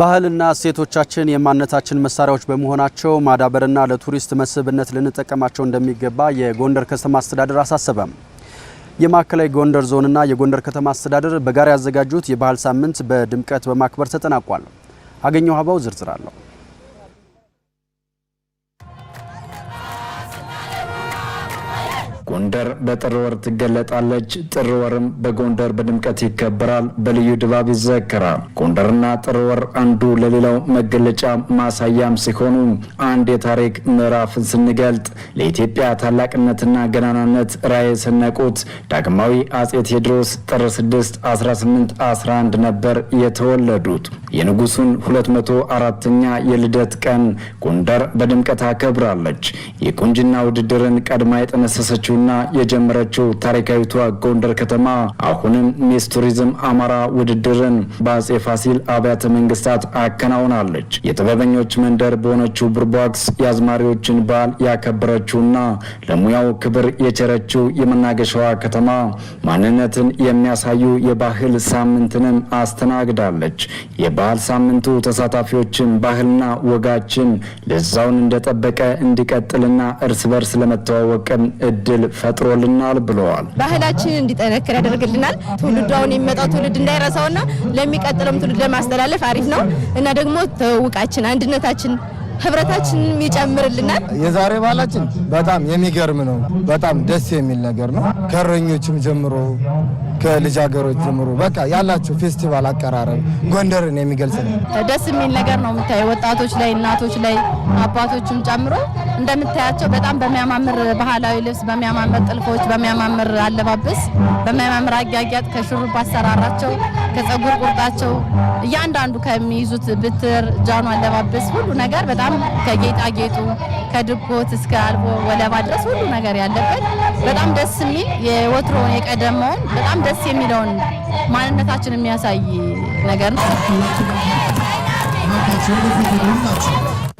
ባህልና እሴቶቻችን የማንነታችን መሳሪያዎች በመሆናቸው ማዳበርና ለቱሪስት መስህብነት ልንጠቀማቸው እንደሚገባ የጎንደር ከተማ አስተዳደር አሳሰበም። የማዕከላዊ ጎንደር ዞንና የጎንደር ከተማ አስተዳደር በጋራ ያዘጋጁት የባህል ሳምንት በድምቀት በማክበር ተጠናቋል። አገኘው ሀባው ዝርዝር አለው። ጎንደር በጥር ወር ትገለጣለች። ጥር ወርም በጎንደር በድምቀት ይከበራል፣ በልዩ ድባብ ይዘከራል። ጎንደርና ጥር ወር አንዱ ለሌላው መገለጫ ማሳያም ሲሆኑ አንድ የታሪክ ምዕራፍን ስንገልጥ ለኢትዮጵያ ታላቅነትና ገናናነት ራዕይ የሰነቁት ዳግማዊ አጼ ቴዎድሮስ ጥር 6 1811 ነበር የተወለዱት። የንጉሱን 204ኛ የልደት ቀን ጎንደር በድምቀት አከብራለች። የቁንጅና ውድድርን ቀድማ የጠነሰሰችው ያለችውና የጀመረችው ታሪካዊቷ ጎንደር ከተማ አሁንም ሚስ ቱሪዝም አማራ ውድድርን በአጼ ፋሲል አብያተ መንግስታት አከናውናለች። የጥበበኞች መንደር በሆነችው ብርቧክስ የአዝማሪዎችን በዓል ያከበረችውና ለሙያው ክብር የቸረችው የመናገሻዋ ከተማ ማንነትን የሚያሳዩ የባህል ሳምንትንም አስተናግዳለች። የባህል ሳምንቱ ተሳታፊዎችን ባህልና ወጋችን ለዛውን እንደጠበቀ እንዲቀጥልና እርስ በርስ ለመተዋወቅም እድል ፈጥሮልናል ብለዋል። ባህላችንን እንዲጠነክር ያደርግልናል። ትውልዱ አሁን የሚመጣው ትውልድ እንዳይረሳውና ለሚቀጥለውም ትውልድ ለማስተላለፍ አሪፍ ነው እና ደግሞ ተውቃችን አንድነታችን ህብረታችንም ይጨምርልናል። የዛሬ ባህላችን በጣም የሚገርም ነው። በጣም ደስ የሚል ነገር ነው። ከእረኞችም ጀምሮ ከልጃገሮች ጀምሮ በቃ ያላቸው ፌስቲቫል አቀራረብ ጎንደርን የሚገልጽ ነው። ደስ የሚል ነገር ነው። የምታየው ወጣቶች ላይ እናቶች ላይ አባቶችም ጨምሮ እንደምታያቸው በጣም በሚያማምር ባህላዊ ልብስ፣ በሚያማምር ጥልፎች፣ በሚያማምር አለባበስ፣ በሚያማምር አጊያጊያጥ ከሹሩባ አሰራራቸው፣ ከጸጉር ቁርጣቸው እያንዳንዱ ከሚይዙት ብትር፣ ጃኑ አለባበስ ሁሉ ነገር በጣም ከጌጣጌጡ ከድጎት እስከ አልቦ ወለባ ድረስ ሁሉ ነገር ያለበት በጣም ደስ የሚል የወትሮውን የቀደመውን በጣም ደስ የሚለውን ማንነታችን የሚያሳይ ነገር ነው።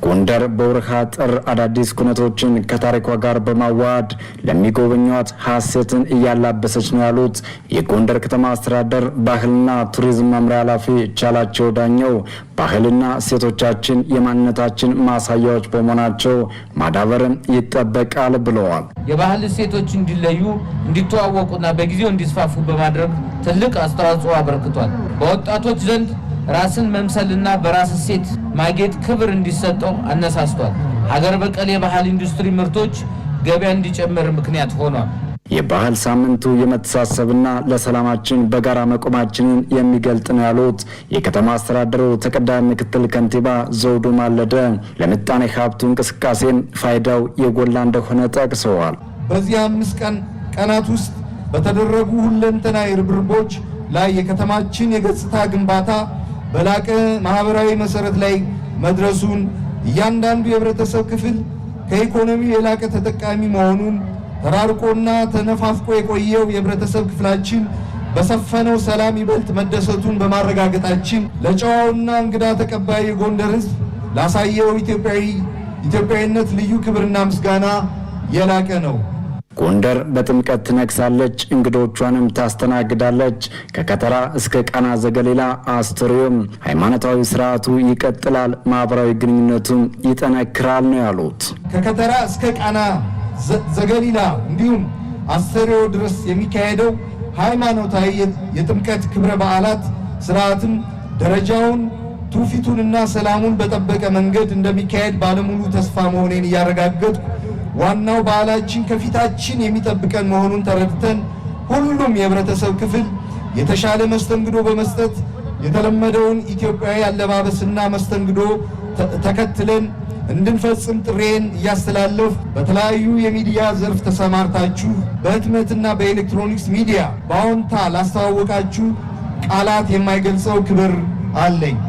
ጎንደር በወርሃ ጥር አዳዲስ ኩነቶችን ከታሪኳ ጋር በማዋሃድ ለሚጎበኟት ሀሴትን እያላበሰች ነው ያሉት የጎንደር ከተማ አስተዳደር ባህልና ቱሪዝም መምሪያ ኃላፊ ቻላቸው ዳኘው ባህልና ሴቶቻችን የማንነታችን ማሳያዎች በመሆናቸው ማዳበርም ይጠበቃል ብለዋል። የባህል ሴቶች እንዲለዩ እንዲተዋወቁና በጊዜው እንዲስፋፉ በማድረግ ትልቅ አስተዋጽኦ አበርክቷል። በወጣቶች ዘንድ ራስን መምሰልና በራስ እሴት ማጌጥ ክብር እንዲሰጠው አነሳስቷል። ሀገር በቀል የባህል ኢንዱስትሪ ምርቶች ገበያ እንዲጨምር ምክንያት ሆኗል። የባህል ሳምንቱ የመተሳሰብና ለሰላማችን በጋራ መቆማችንን የሚገልጥ ነው ያሉት የከተማ አስተዳደሩ ተቀዳሚ ምክትል ከንቲባ ዘውዱ ማለደ ለምጣኔ ሀብቱ እንቅስቃሴም ፋይዳው የጎላ እንደሆነ ጠቅሰዋል። በዚህ አምስት ቀን ቀናት ውስጥ በተደረጉ ሁለንተናዊ ርብርቦች ላይ የከተማችን የገጽታ ግንባታ በላቀ ማህበራዊ መሰረት ላይ መድረሱን እያንዳንዱ የህብረተሰብ ክፍል ከኢኮኖሚው የላቀ ተጠቃሚ መሆኑን ተራርቆና ተነፋፍቆ የቆየው የህብረተሰብ ክፍላችን በሰፈነው ሰላም ይበልጥ መደሰቱን በማረጋገጣችን ለጨዋውና እንግዳ ተቀባይ የጎንደር ህዝብ ላሳየው ኢትዮጵያዊነት ልዩ ክብርና ምስጋና የላቀ ነው። ጎንደር በጥምቀት ትነግሳለች፣ እንግዶቿንም ታስተናግዳለች። ከከተራ እስከ ቃና ዘገሌላ አስተርእዮም ሃይማኖታዊ ስርዓቱ ይቀጥላል፣ ማህበራዊ ግንኙነቱም ይጠነክራል ነው ያሉት። ከከተራ እስከ ቃና ዘገሊላ እንዲሁም አስተርእዮ ድረስ የሚካሄደው ሃይማኖታዊ የጥምቀት ክብረ በዓላት ስርዓትም ደረጃውን ትውፊቱንና ሰላሙን በጠበቀ መንገድ እንደሚካሄድ ባለሙሉ ተስፋ መሆኔን እያረጋገጥኩ ዋናው በዓላችን ከፊታችን የሚጠብቀን መሆኑን ተረድተን ሁሉም የህብረተሰብ ክፍል የተሻለ መስተንግዶ በመስጠት የተለመደውን ኢትዮጵያዊ አለባበስና መስተንግዶ ተከትለን እንድንፈጽም ጥሬን እያስተላለፍ በተለያዩ የሚዲያ ዘርፍ ተሰማርታችሁ በህትመትና በኤሌክትሮኒክስ ሚዲያ በአዎንታ ላስተዋወቃችሁ ቃላት የማይገልጸው ክብር አለኝ።